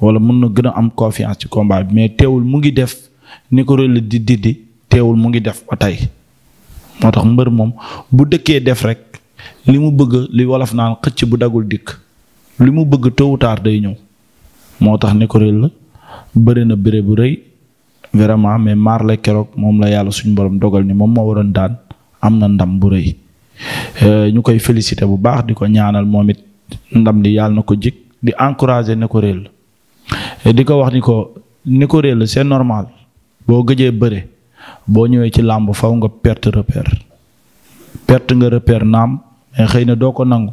wala mun na gën a am confiance ci combat bi mais teewul mu ngi def Néckoré la di didi teewul mu ngi def ba tey moo tax mbër moom bu dëkkee def rek li mu bëgg li wolof naan xëcc bu dagul dikk li mu bëgg tôt ou tard day ñëw moo tax ne ko réel la bëri na bëre bu rëy vraiment mais maar la keroog moom la yàlla suñu borom dogal ni moom moo waroon daan am na ndam bu rëy euh, ñu koy félicité bu baax di ko ñaanal moom it ndam li yàlla na ko jik di encouragé ne ko réel di ko wax ni ko ni ko réel c'est normal boo gëjee bëre boo ñëwee ci làmb faw nga perte repère perte nga repère naam xëy na doo ko nangu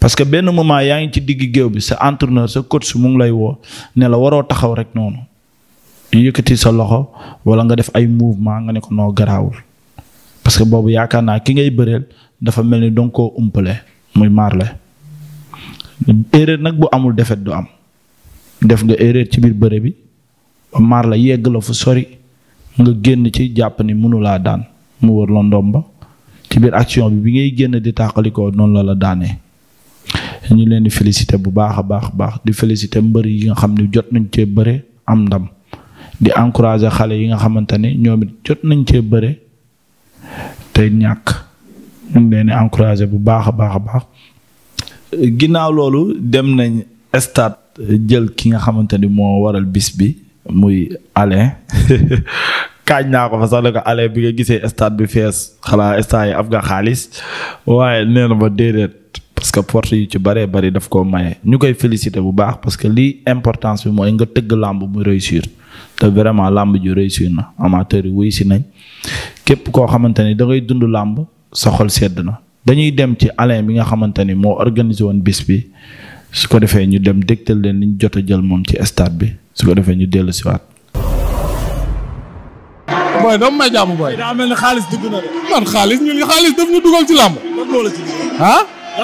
parce que benn moment yaa ngi ci digg géew bi sa entraîneur sa coach mu ngi lay woo ne la waroo taxaw rek noonu ñu yëkkati sa loxo wala nga def ay mouvement nga ne ko noo garaawul parce que boobu yaakaar naa ki ngay bëreel dafa mel ni dong koo umpale muy Marley erreur nag bu amul defet du am def nga erreur ci biir bëre bi ba Marley yegg la fu sori nga génn ci jàpp ni mënulaa daan mu wër la ndomba ci biir action bi bi ngay génn di tàqalikoo noonu la la daanee ñu leen di féliciter bu baax a baax baax di féliciter mbër yi nga xam ne jot nañ cee bëri am ndam di encourager xale yi nga xamante ne ñoom it jot nañ cee bëri te ñàkk ñu leen di encourager bu baax a baax a baax. ginnaaw loolu dem nañ stade jël ki nga xamante ni moo waral bis bi muy Alain kaañ naa ko fa sax ne ko ale bi nga gisee stade bi fees xalaa stade yi am nga xaalis waaye nee na ma déedéet parce que porte yu ci bëree bëri daf koo maye ñu koy féliciter bu baax parce que lii importance bi mooy nga tëgg làmb mu réussir te vraiment làmb ju réussir na amateur yi wuy si nañ képp koo xamante ni da dund làmb sa xol sedd na dañuy dem ci Alain bi nga xamante ni moo organisé woon bis bi su ko defee ñu dem dégtal leen li ñu jot a jël moom ci stade bi su ko defee ñu dellu siwaat booy dama may jàmm booy. daa mel ni xaalis dugg na de. man xaalis ñun xaalis daf ñu dugal ci làmb. lan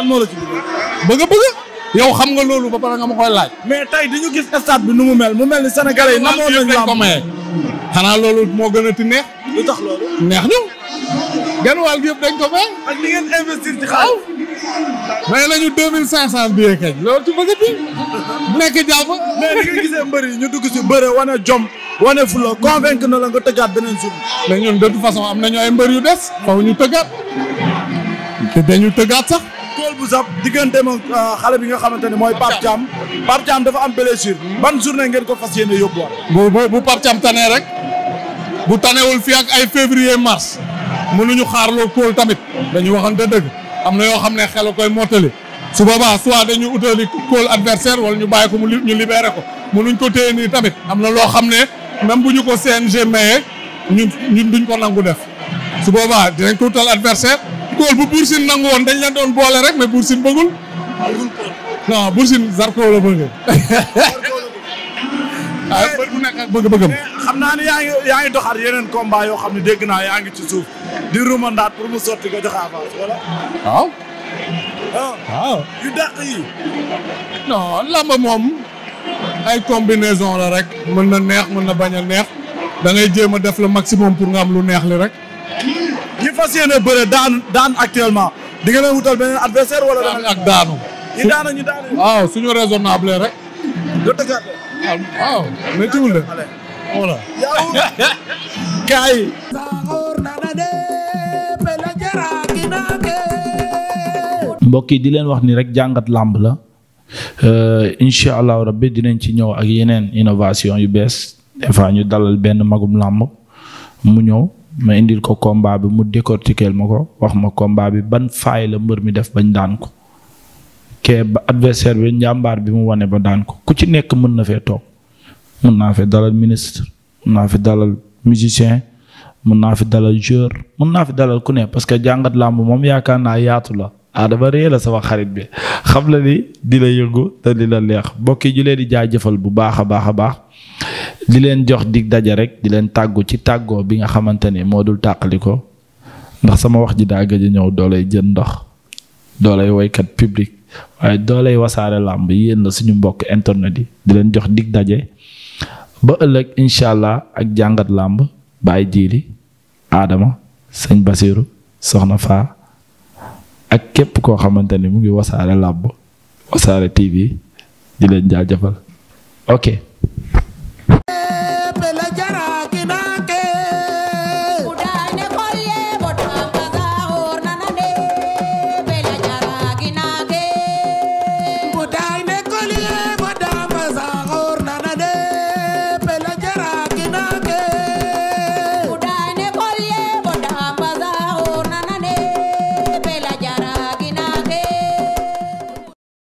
moo la a bëgg. xam nga loolu ba pare nga ma koy laaj. mais tey dañu gis stade bi nu mu mel mu mel ni sénégalais yi. namoon nañu làmb ko maye. xanaa loolu moo gën a ti neex. lu tax loolu. neex ñu. genn wàll bi yëpp dañ ko li ngeen investir ci may nañu deux mille cinq cent billets kañ loolu ci bëggati nekk jàpp mais ni gisee mbër yi ñu dugg si bëre wane jom wane fulo convaincre na la nga tëggaat beneen suuf mais ñun de façon am nañu ay mbër yu des faw ñu tëggaat te dañu tëggaat sax kool bu sap diggante moom euh, xale bi nga xamante ne mooy Pape Thiam Pape Thiam dafa am blessure ban journée ngeen ko fas yéene yóbbuwaat bu bu tane rek bu tanewul fii ak ay février mars mënuñu xaarloo kool tamit dañu waxante dëgg am na yoo xam ne xel koy mottali su boobaa soit dañu utali kool adversaire wala ñu bàyyi ko mu ñu libéré ko mënuñ ko téye nii tamit am na loo xam ne même bu ñu ko CNG mayee ñu ñun duñ ko nangu def su boobaa dinañ ko utal adversaire kóol bu Bour Sine nangu woon dañ la doon boole rek mais Bour Sine bëggul non Bour Sine Zarko la ah mbër bu nekk ak xam naa ne yaa ngi yaa ngi doxaat yeneen combat yoo xam ne dégg naa yaa ngi ci suuf di rumandaat pour mu sotti nga joxe avance waaw. Ah. waaw yu dàq yi. non làmb moom ay combinaison la rek mën na neex mën na bañ a neex da ngay jéem a def le maximum pour nga am lu neex li rek. ñi fas yéene bëre daan actuellement di nga leen wutal beneen adversaire wala. daan ak rek. ah waaw mbokk yi di leen wax ni rek jàngat làmb la euh, incha allahu rabbi dinañ ci ñëw ak yeneen innovation yu bees des fois ñu dalal benn magum làmb mu ñëw ma indil ko combat bi mu décortiquer ma ko wax ma komba bi ban faay la mbër mi def bañ daan ko. kee ba adversaire bi njàmbaar bi mu wane ba daan ko ku ci nekk mën na fee toog mën naa fi dalal ministre mën naa fi dalal musicien mën naa fi dalal joueur mën naa fi dalal ku ne parce que jàngat làmb moom yaakaar naa yaatu la ah dama ree la sama xarit bi xam la ni di la yëngu te di la leex mbokk yi ñu leen di jaajëfal bu baax a baax a baax di leen jox dig daje rek di leen tàggu ci tàggoo bi nga xamante ni moo dul tàqali ko ndax sama wax ji daa gëj a ñëw doolay jën ndox doolay woykat public waaye dooley wasaare làmb yéen la suñu mbokk internet yi di leen jox dig daje ba ëllëg incha allah ak jàngat làmb bàyyi jiili aadama sëñ Basiru soxna faa ak képp koo xamante ni mu ngi wasaare làmb wasaare TV di leen jaajëfal ok